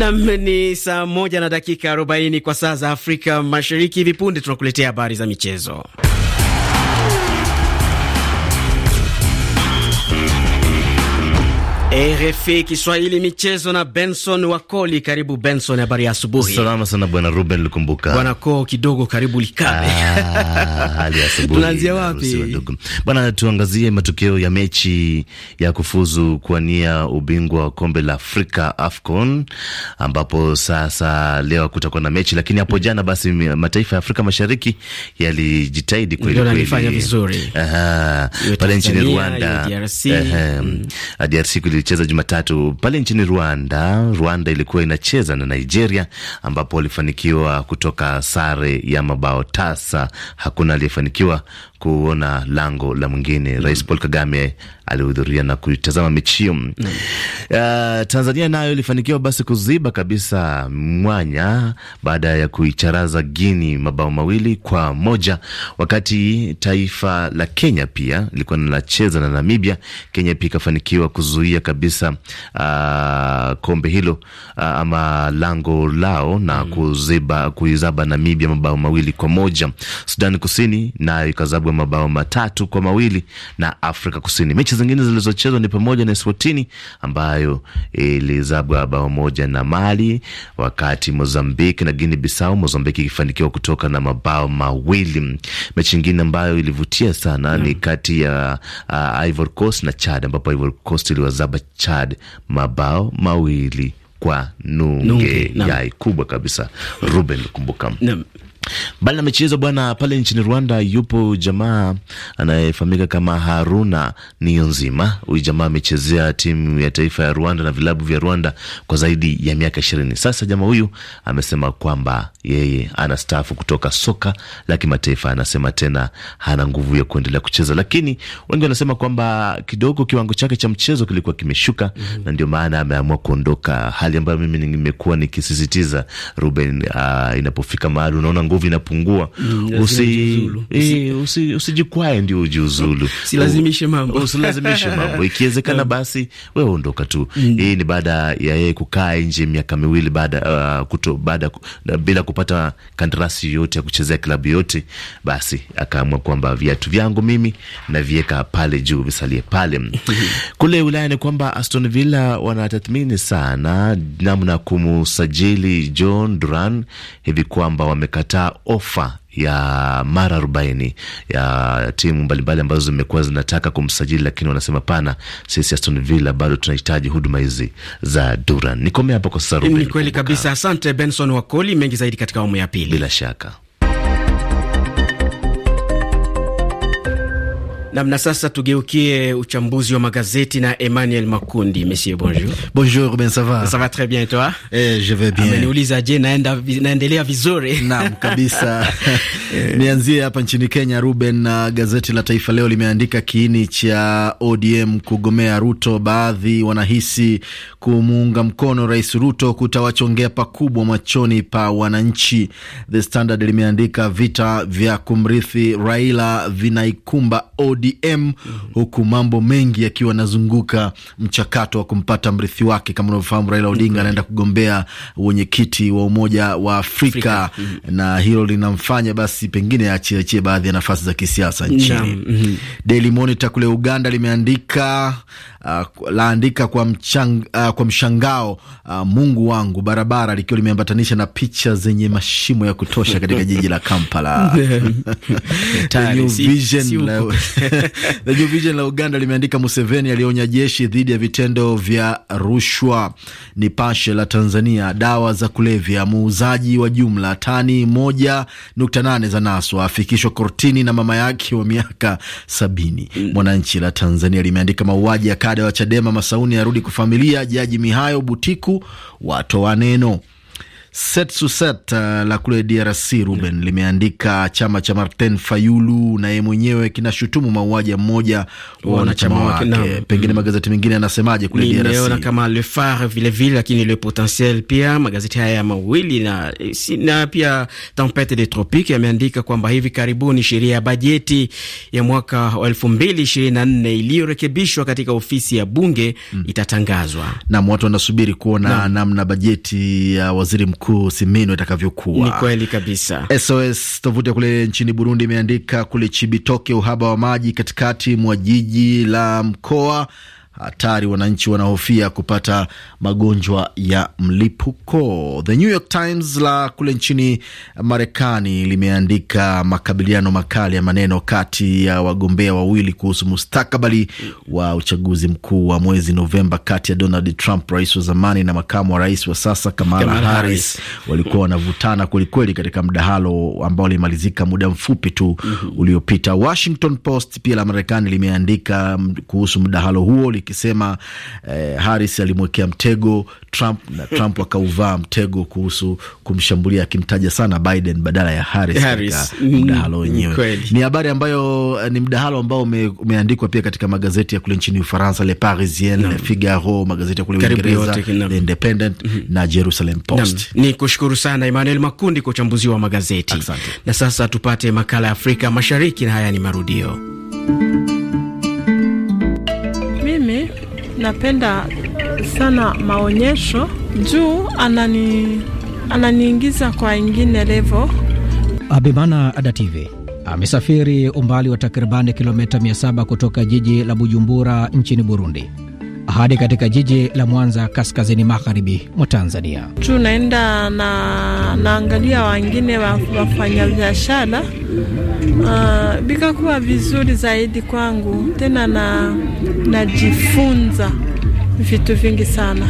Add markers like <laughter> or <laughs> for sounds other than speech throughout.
Nam ni saa moja na dakika arobaini kwa saa za Afrika Mashariki. Hivi punde tunakuletea habari za michezo. RFI Kiswahili michezo na Benson Wakoli. Karibu Benson, habari ya asubuhi. Salama sana bwana Ruben Lukumbuka. Bwana ko kidogo karibu likabe. Ah, hali ya asubuhi. Tunaanzia wapi? Bwana, tuangazie matokeo ya mechi ya kufuzu kuwania ubingwa wa kombe la Afrika AFCON, ambapo sasa leo kutakuwa na mechi, lakini hapo jana basi mataifa ya Afrika Mashariki yalijitahidi kweli kweli. Aha. Pale nchini Rwanda. DRC. Aha. DRC kucheza Jumatatu pale nchini Rwanda. Rwanda ilikuwa inacheza na Nigeria ambapo walifanikiwa kutoka sare ya mabao tasa, hakuna aliyefanikiwa kuona lango la mwingine mm. Rais Paul Kagame alihudhuria na kuitazama mechi hiyo mm. Uh, Tanzania nayo ilifanikiwa basi kuziba kabisa mwanya baada ya kuicharaza Guini mabao mawili kwa moja, wakati taifa la Kenya pia ilikuwa linacheza na Namibia. Kenya pia ikafanikiwa kuzuia kabisa uh, kombe hilo uh, ama lango lao na mm. kuziba kuizaba Namibia mabao mawili kwa moja. Sudani Kusini nayo ikazabu kupigwa mabao matatu kwa mawili na Afrika Kusini. Mechi zingine zilizochezwa ni pamoja na Eswatini ambayo ilizabwa bao moja na Mali, wakati Mozambiki na Guinea Bissau, Mozambiki ikifanikiwa kutoka na mabao mawili. Mechi ingine ambayo ilivutia sana mm, ni kati ya uh, Ivory Coast na Chad ambapo Ivory Coast iliwazaba Chad mabao mawili kwa nunge, nunge yai kubwa kabisa Ruben kumbuka. Mbali na michezo bwana, pale nchini Rwanda yupo jamaa anayefahamika kama Haruna Niyonzima. Huyu jamaa amechezea timu ya taifa ya Rwanda na vilabu vya Rwanda kwa zaidi ya miaka ishirini sasa. Jamaa huyu amesema kwamba yeye anastaafu kutoka soka la kimataifa. Anasema tena hana nguvu ya kuendelea kucheza, lakini wengi wanasema kwamba kidogo kiwango chake cha mchezo kilikuwa kimeshuka mm -hmm. na ndio maana ameamua kuondoka, hali ambayo mimi nimekuwa nikisisitiza Ruben, uh, inapofika mahali unaona nguvu inapungua, mm, eh, usijikwae ndio ujiuzulu, <laughs> usilazimishe <laughs> mambo. Ikiwezekana basi we ondoka tu. Mm. Hii ni baada ya yeye kukaa nje miaka miwili baada uh, bila kupata kandarasi yoyote ya kuchezea klabu yote, basi akaamua kwamba viatu vyangu mimi naviweka pale juu, visalie pale. <laughs> Kule Ulaya ni kwamba Aston Villa wanatathmini sana namna kumsajili John Duran hivi kwamba wamekataa kukataa ofa ya mara arobaini ya timu mbalimbali ambazo zimekuwa zinataka kumsajili, lakini wanasema pana, sisi Aston Villa bado tunahitaji huduma hizi za Duran. Nikomea hapo kwa sasa. Ni kweli kabisa, asante Benson Wakoli. Mengi zaidi katika awamu ya pili, bila shaka. Namna sasa, tugeukie uchambuzi wa magazeti na Emmanuel Makundi. Monsieur, bonjour. Bonjour, ben ça va? Ça va très bien et toi? Eh, je vais bien. Ameniuliza je naenda naendelea vizuri? Naam, kabisa. <laughs> Eh. Nianzie hapa nchini Kenya, Ruben, na gazeti la Taifa Leo limeandika kiini cha ODM kugomea Ruto. Baadhi wanahisi kumuunga mkono Rais Ruto kutawachongea pakubwa machoni pa wananchi. The Standard limeandika vita vya kumrithi Raila vinaikumba ODM ODM mm -hmm. huku mambo mengi yakiwa yanazunguka mchakato wa kumpata mrithi wake. Kama unavyofahamu, Raila mm-hmm. Odinga okay. anaenda kugombea wenyekiti wa Umoja wa Afrika, Afrika. Mm -hmm. na hilo linamfanya basi pengine achiachie baadhi ya nafasi za kisiasa nchini. mm -hmm. Daily Monitor kule Uganda limeandika uh, laandika kwa, mchang, uh, kwa mshangao uh, Mungu wangu, barabara likiwa limeambatanisha na picha zenye mashimo ya kutosha katika jiji la Kampala. <laughs> <laughs> la, <laughs> The New Vision la Uganda limeandika Museveni alionya jeshi dhidi ya vitendo vya rushwa. Nipashe la Tanzania, dawa za kulevya, muuzaji wa jumla tani moja nukta nane za naswa afikishwa kortini na mama yake wa miaka sabini. Mm. Mwananchi la Tanzania limeandika mauaji ya kada wa Chadema Masauni arudi kufamilia. Jaji Mihayo Butiku watoa neno. Setsuset uh, la kule DRC Ruben yeah. limeandika chama cha Martin Fayulu na yeye mwenyewe kinashutumu mauaji ya mmoja wa wanachama wake. na, Pengine mm. magazeti mengine yanasemaje kule DRC? Nimeona kama Le Phare vile vile, lakini Le Potentiel pia magazeti haya ya mawili na, na pia Tempete des Tropiques yameandika kwamba hivi karibuni sheria ya bajeti ya mwaka wa elfu mbili ishirini na nne iliyorekebishwa katika ofisi ya bunge mm. itatangazwa. Na watu wanasubiri kuona namna na bajeti ya waziri mkuu kusiminwa itakavyokuwa. Ni kweli kabisa. SOS tovuti ya kule nchini Burundi imeandika kule Chibitoke, uhaba wa maji katikati mwa jiji la mkoa hatari, wananchi wanahofia kupata magonjwa ya mlipuko. The New York Times la kule nchini Marekani limeandika makabiliano makali ya maneno kati ya wagombea wawili kuhusu mustakabali wa uchaguzi mkuu wa mwezi Novemba kati ya Donald Trump, rais wa zamani, na makamu wa rais wa sasa Kamala, Kamala Harris. Walikuwa wanavutana kwelikweli katika mdahalo ambao limalizika muda mfupi tu mhm. uliopita. Washington Post pia la Marekani limeandika kuhusu mdahalo huo ikisema eh, Harris alimwekea mtego Trump na Trump <laughs> akauvaa mtego kuhusu kumshambulia akimtaja sana Biden badala ya Harris katika mm, mdahalo mm, wenyewe. Ni habari ambayo eh, ni mdahalo ambao umeandikwa pia katika magazeti ya kule nchini Ufaransa, Le Parisien, Le Figaro, magazeti ya kule Uingereza, The Independent mhm. na Jerusalem Post. Ni kushukuru sana Emmanuel Makundi kwa uchambuzi wa magazeti. Asante. Na sasa tupate makala ya Afrika Mashariki na haya ni marudio. napenda sana maonyesho juu anani ananiingiza kwa ingine levo Abimana Adative amesafiri umbali wa takribani kilomita 700 kutoka jiji la Bujumbura nchini Burundi hadi katika jiji la Mwanza, kaskazini magharibi mwa Tanzania. Tunaenda na naangalia wengine wafanya biashara uh, ah, vikakuwa vizuri zaidi kwangu, tena na najifunza vitu vingi sana.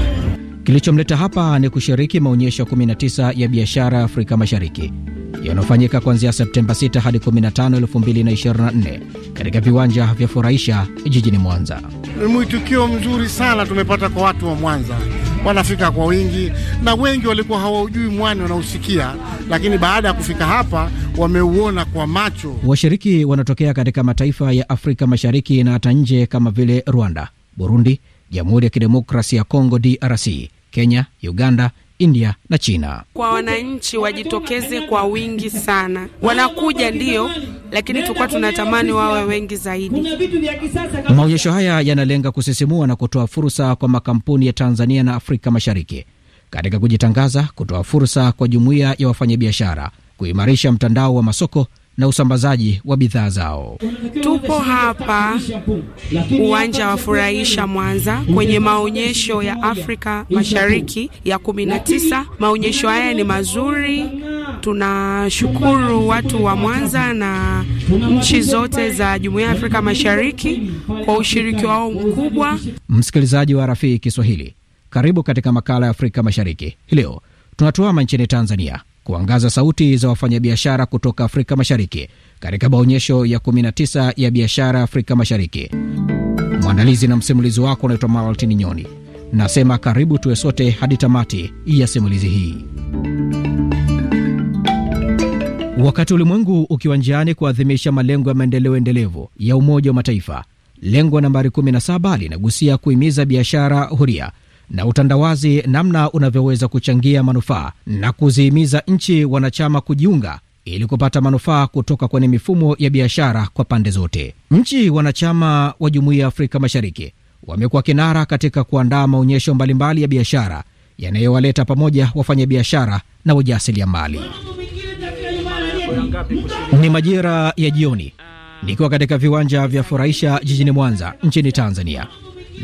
Kilichomleta hapa ni kushiriki maonyesho 19 ya biashara Afrika Mashariki yanayofanyika kuanzia Septemba 6 hadi 15, 2024 katika viwanja vya furahisha jijini Mwanza. Ni mwitikio mzuri sana tumepata kwa watu wa Mwanza, wanafika kwa wingi, na wengi walikuwa hawaujui mwani, wanausikia lakini baada ya kufika hapa wameuona kwa macho. Washiriki wanatokea katika mataifa ya Afrika Mashariki na hata nje kama vile Rwanda, Burundi, Jamhuri ya Kidemokrasia ya Kongo DRC, Kenya, Uganda India na China. Kwa wananchi wajitokeze kwa wingi sana, wanakuja ndiyo, lakini tulikuwa tunatamani wawe wengi zaidi. Maonyesho haya yanalenga kusisimua na kutoa fursa kwa makampuni ya Tanzania na Afrika Mashariki katika kujitangaza, kutoa fursa kwa jumuiya ya wafanyabiashara, kuimarisha mtandao wa masoko na usambazaji wa bidhaa zao. Tupo hapa uwanja wa furahisha Mwanza kwenye maonyesho ya Afrika Mashariki ya kumi na tisa. Maonyesho haya ni mazuri, tunashukuru watu wa Mwanza na nchi zote za Jumuiya ya Afrika Mashariki kwa ushiriki wao mkubwa. Msikilizaji wa Rafiki Kiswahili, karibu katika makala ya Afrika Mashariki. Leo tunatuama nchini Tanzania kuangaza sauti za wafanyabiashara kutoka Afrika Mashariki katika maonyesho ya 19 ya biashara Afrika Mashariki. Mwandalizi na msimulizi wako unaitwa Maltini Nyoni. Nasema karibu tuwe sote hadi tamati ya simulizi hii. Wakati ulimwengu ukiwa njiani kuadhimisha malengo ya maendeleo endelevu ya Umoja wa Mataifa, lengo nambari 17 linagusia kuhimiza biashara huria na utandawazi namna unavyoweza kuchangia manufaa na kuzihimiza nchi wanachama kujiunga ili kupata manufaa kutoka kwenye mifumo ya biashara kwa pande zote. Nchi wanachama wa Jumuiya ya Afrika Mashariki wamekuwa kinara katika kuandaa maonyesho mbalimbali ya biashara yanayowaleta pamoja wafanyabiashara na wajasiriamali. Ni majira ya jioni nikiwa katika viwanja vya furahisha jijini Mwanza nchini Tanzania,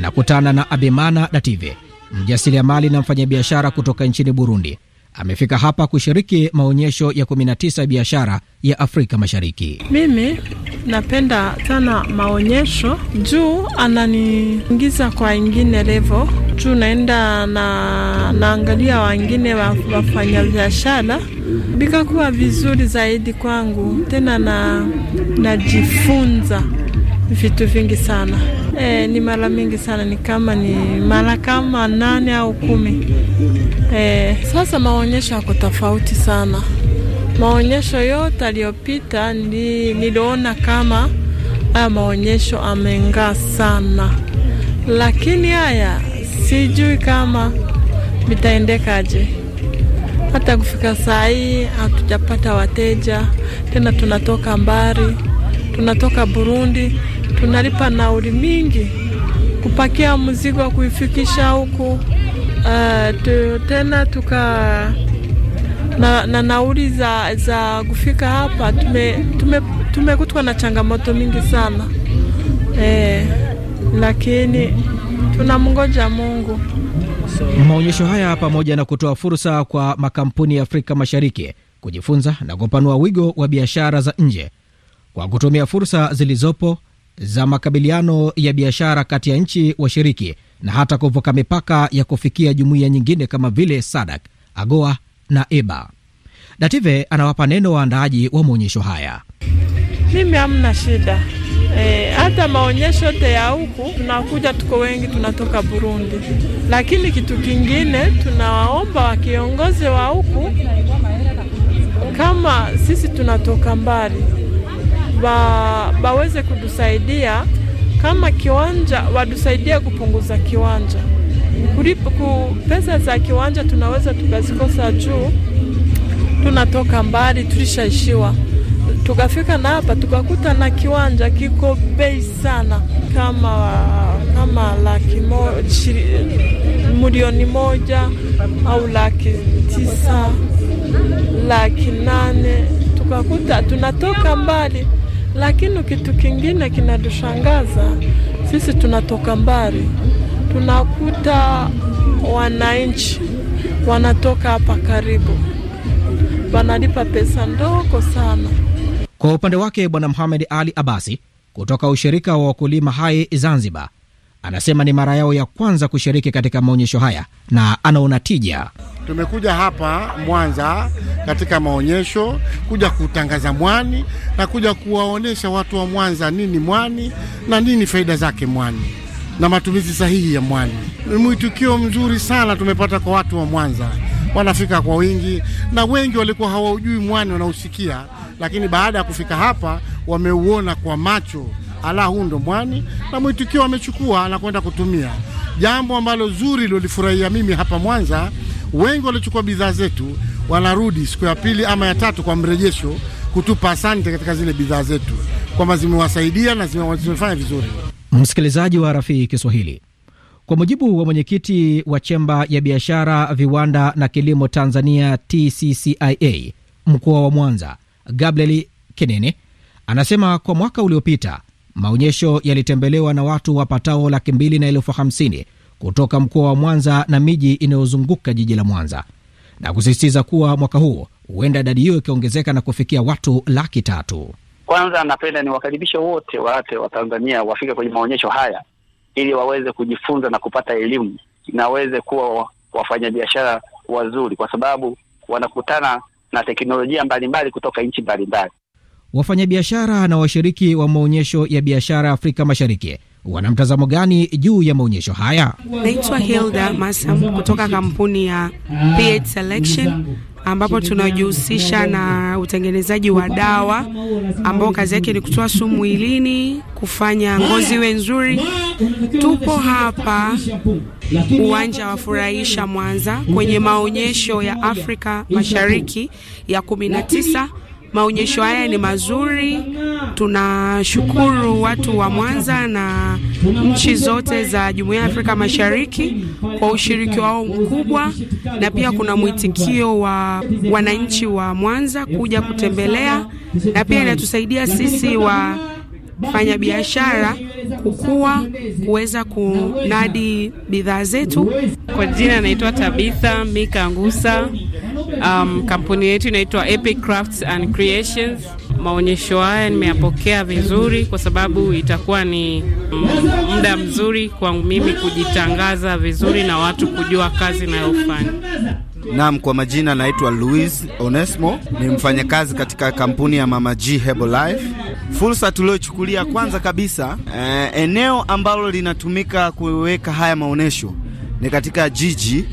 nakutana na Abimana Dative mjasiriamali na mfanyabiashara kutoka nchini Burundi amefika hapa kushiriki maonyesho ya 19 ya biashara ya Afrika Mashariki. Mimi napenda sana maonyesho juu ananiingiza kwa ingine levo, juu naenda na naangalia wengine wafanya biashara, vikakuwa vizuri zaidi kwangu, tena na najifunza vitu vingi sana e, ni mara mingi sana, ni kama ni mara kama nane au kumi. E, sasa maonyesho yako tofauti sana. Maonyesho yote aliyopita niliona kama haya maonyesho amengaa sana, lakini haya sijui kama vitaendekaje. Hata kufika saa hii hatujapata wateja tena, tunatoka mbari tunatoka Burundi tunalipa nauli mingi kupakia mzigo wa kuifikisha huku. Uh, tena tuka na, na nauli za, za kufika hapa tumekutwa tume, tume na changamoto mingi sana eh, lakini tunamngoja Mungu. Maonyesho haya pamoja na kutoa fursa kwa makampuni ya Afrika Mashariki kujifunza na kupanua wigo wa biashara za nje kwa kutumia fursa zilizopo za makabiliano ya biashara kati ya nchi washiriki na hata kuvuka mipaka ya kufikia jumuiya nyingine kama vile SADAK, AGOA na EBA. Dative anawapa neno waandaaji wa maonyesho haya. Mimi hamna shida e, hata maonyesho yote ya huku tunakuja, tuko wengi, tunatoka Burundi. Lakini kitu kingine tunawaomba wakiongozi wa huku, kama sisi tunatoka mbali ba, baweze kudusaidia kama kiwanja, wadusaidia kupunguza kiwanja kulipo ku pesa za kiwanja tunaweza tukazikosa juu tunatoka mbali, tulishaishiwa tukafika na hapa tukakuta na kiwanja kiko bei sana kama kama laki moja milioni moja au laki tisa laki nane tukakuta tunatoka mbali, lakini kitu kingine kinatushangaza sisi, tunatoka mbali, tunakuta wananchi wanatoka hapa karibu, wanalipa pesa ndogo sana. Kwa upande wake Bwana Muhamed Ali Abasi kutoka ushirika wa wakulima hai Zanzibar anasema ni mara yao ya kwanza kushiriki katika maonyesho haya na anaona tija. Tumekuja hapa Mwanza katika maonyesho kuja kutangaza mwani na kuja kuwaonyesha watu wa Mwanza nini mwani na nini faida zake mwani na matumizi sahihi ya mwani. Mwitikio mzuri sana tumepata kwa watu wa Mwanza, wanafika kwa wingi, na wengi walikuwa hawaujui mwani, wanausikia, lakini baada ya kufika hapa wameuona kwa macho, ala, huu ndo mwani, na mwitikio wamechukua na kwenda kutumia, jambo ambalo zuri lolifurahia mimi hapa Mwanza Wengi waliochukua bidhaa zetu wanarudi siku ya pili ama ya tatu kwa mrejesho kutupa asante katika zile bidhaa zetu kwamba zimewasaidia na zimefanya vizuri. Msikilizaji wa Rafii Kiswahili, kwa mujibu wa mwenyekiti wa chemba ya biashara, viwanda na kilimo Tanzania TCCIA mkoa wa Mwanza, Gabriel kenene anasema kwa mwaka uliopita maonyesho yalitembelewa na watu wapatao laki mbili na elfu hamsini kutoka mkoa wa Mwanza na miji inayozunguka jiji la Mwanza na kusisitiza kuwa mwaka huo huenda idadi hiyo ikiongezeka na kufikia watu laki tatu. Kwanza napenda niwakaribishe wote waate wa Tanzania wafike kwenye maonyesho haya ili waweze kujifunza na kupata elimu na waweze kuwa wafanyabiashara wazuri, kwa sababu wanakutana na teknolojia mbalimbali kutoka nchi mbalimbali. Wafanyabiashara na washiriki wa maonyesho ya biashara Afrika Mashariki wana mtazamo gani juu ya maonyesho haya? Naitwa Hilda Masam kutoka kampuni ya p Selection ambapo tunajihusisha na utengenezaji wa dawa ambao kazi yake ni kutoa sumu mwilini, kufanya ngozi iwe nzuri. Tupo hapa uwanja wa Furahisha Mwanza kwenye maonyesho ya Afrika Mashariki ya kumi na tisa Maonyesho haya ni mazuri, tunashukuru watu wa Mwanza na nchi zote za Jumuiya ya Afrika Mashariki kwa ushiriki wao mkubwa, na pia kuna mwitikio wa wananchi wa Mwanza kuja kutembelea, na pia inatusaidia sisi wa fanya biashara kukua, kuweza kunadi bidhaa zetu. Kwa jina naitwa Tabitha Mika Ngusa, Um, kampuni yetu inaitwa Epic Crafts and Creations. Maonyesho haya nimeyapokea vizuri, kwa sababu itakuwa ni mm, muda mzuri kwangu mimi kujitangaza vizuri na watu kujua kazi inayofanya Naam, kwa majina naitwa louis Onesmo, ni mfanyakazi katika kampuni ya Mama G Herbal Life. Fursa tuliochukulia kwanza kabisa, eh, eneo ambalo linatumika kuweka haya maonyesho ni katika jiji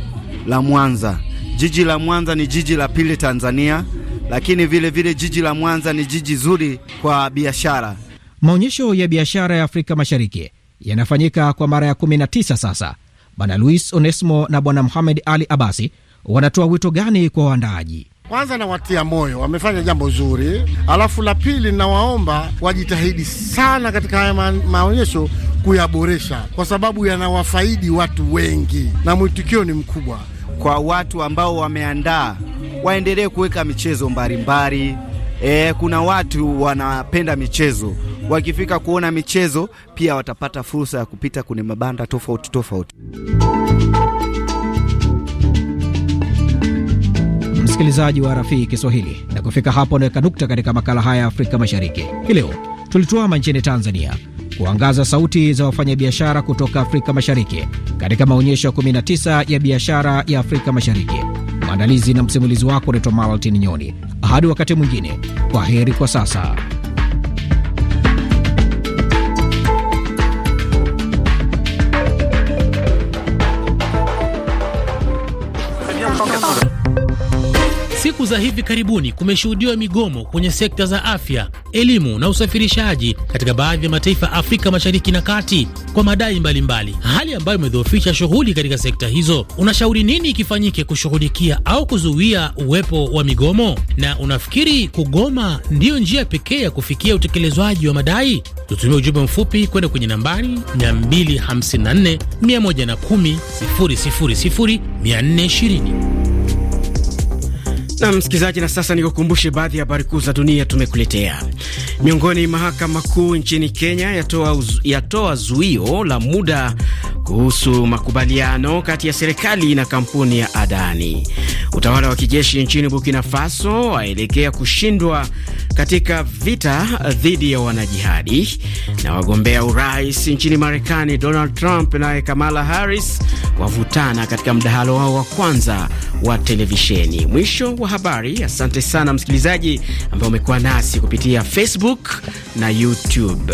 la Mwanza. Jiji la Mwanza ni jiji la pili Tanzania, lakini vile vile jiji la Mwanza ni jiji zuri kwa biashara. Maonyesho ya biashara ya Afrika Mashariki yanafanyika kwa mara ya 19 sasa. Bwana Luis Onesmo na Bwana Muhamed Ali Abasi wanatoa wito gani kwa waandaaji? Kwanza nawatia moyo, wamefanya jambo zuri. Alafu la pili, nawaomba wajitahidi sana katika haya ma maonyesho kuyaboresha, kwa sababu yanawafaidi watu wengi na mwitikio ni mkubwa kwa watu ambao wameandaa waendelee kuweka michezo mbalimbali. E, kuna watu wanapenda michezo, wakifika kuona michezo pia watapata fursa ya kupita kwenye mabanda tofauti tofauti. Msikilizaji wa Rafiki Kiswahili, na kufika hapo anaweka nukta katika makala haya ya Afrika Mashariki hii leo. Tulituama nchini Tanzania kuangaza sauti za wafanyabiashara kutoka Afrika Mashariki katika maonyesho 19 ya biashara ya Afrika Mashariki. Mwandalizi na msimulizi wako unaitwa Maltin Nyoni. Hadi wakati mwingine, kwa heri kwa sasa. za hivi karibuni kumeshuhudiwa migomo kwenye sekta za afya, elimu na usafirishaji katika baadhi ya mataifa Afrika Mashariki na Kati kwa madai mbalimbali mbali, hali ambayo imedhoofisha shughuli katika sekta hizo. Unashauri nini ikifanyike kushughulikia au kuzuia uwepo wa migomo, na unafikiri kugoma ndiyo njia pekee ya kufikia utekelezwaji wa madai? Tutumie ujumbe mfupi kwenda kwenye nambari 254 110 000 420. Na msikilizaji, na sasa nikukumbushe baadhi ya habari kuu za dunia tumekuletea. Miongoni, mahakama kuu nchini Kenya yatoa, yatoa zuio la muda kuhusu makubaliano kati ya serikali na kampuni ya Adani. Utawala wa kijeshi nchini Burkina Faso waelekea kushindwa katika vita dhidi ya wanajihadi, na wagombea urais nchini Marekani Donald Trump naye Kamala Harris wavutana katika mdahalo wao wa kwanza wa televisheni. Mwisho wa habari. Asante sana msikilizaji ambaye umekuwa nasi kupitia Facebook na YouTube.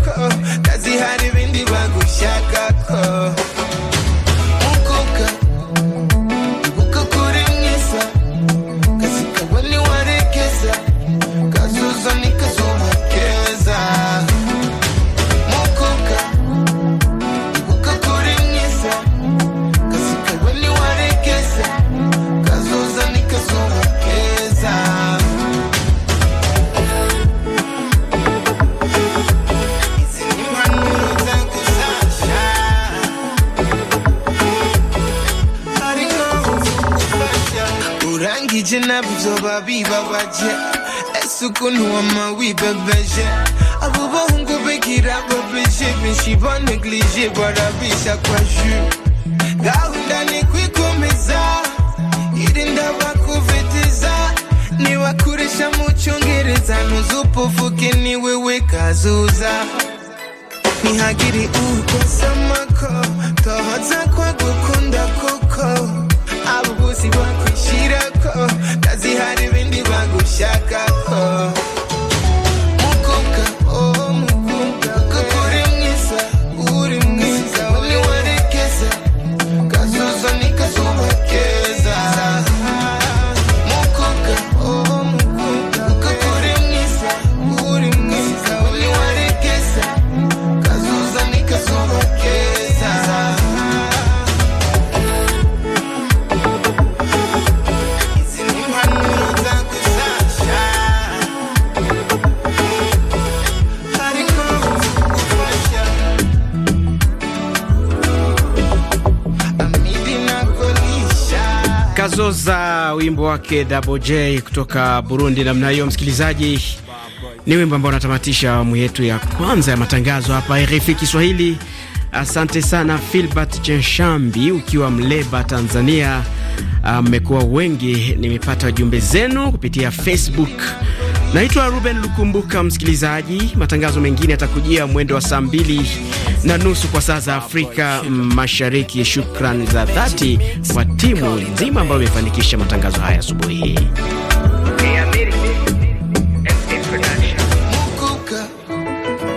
urangije nabyo bibabaje ese ukuntu wama wibebeje abo bahungu bigira babeje benshi baneglije barabisha kwa ju gahunda ni kwikomeza irinda bakuvitiza niwakuresha mu cyongereza ntuzupufuke ni wewe kazuza ntihagire ukosa amako tohoza kwa gukunda kuko aba ubuzi bwo kwishira ko kaziha n'ibindi bagushaka Kazoza, wimbo wake Double J kutoka Burundi. Namna hiyo, msikilizaji, ni wimbo ambao unatamatisha awamu yetu ya kwanza ya matangazo hapa RFI Kiswahili. Asante sana Filbert Chenshambi, ukiwa Mleba, Tanzania. Ah, mmekuwa wengi, nimepata jumbe zenu kupitia Facebook Naitwa Ruben Lukumbuka, msikilizaji. Matangazo mengine yatakujia mwendo wa saa mbili na nusu kwa saa za Afrika Mashariki. Shukrani za dhati kwa timu nzima ambayo imefanikisha matangazo haya asubuhi hii.